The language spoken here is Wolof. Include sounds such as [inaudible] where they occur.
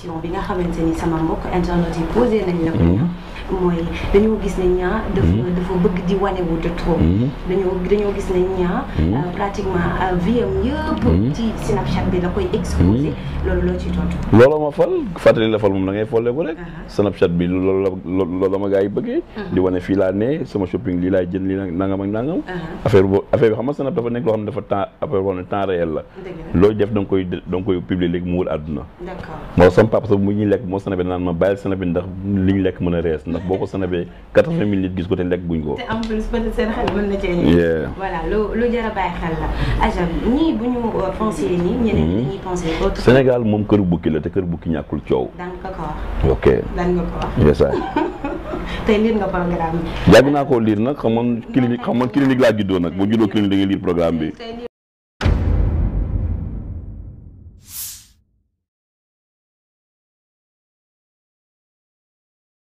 question bi nga xamante ni sama mbokk internet yi posé nañ la ko mooy dañoo gis ne ñaa hmm. dafa dafa bëgg di wanewu de trop hmm. dañoo gis ne ñaa hmm. euh, pratiquement euh, yëpp ci Snapchat bi la koy exposé loolu loo loolu ma fal fàttali la fal moom da ngay ko rek uh-huh. Snapchat bi loolu la loolu bëggee uh-huh. di wane fii laa ne sama shopping lii laay jënd lii nangam ak nangam uh-huh. affaire boo affaire bi xam nga Snap dafa nekk loo xam ne dafa temps affaire la looy def da koy da nga koy publier léegi mu wër àdduna moo sama papa sax mu ñuy lekk moo Snap bi naan ma bàyyil Snap bi ndax ñu lekk mën a rees boo ko sanabee quatre vingt mille nit gis ko te lekk guñ ko. te en bu ñu pensé euh, hmm. Sénégal moom kër bukki la te kër bukki ñàkkul coow. daan nga ko [laughs] liir naa koo liir nag xam man clinique xam man clinique laa juddoo nag boo juddoo clinique da liir programme bi.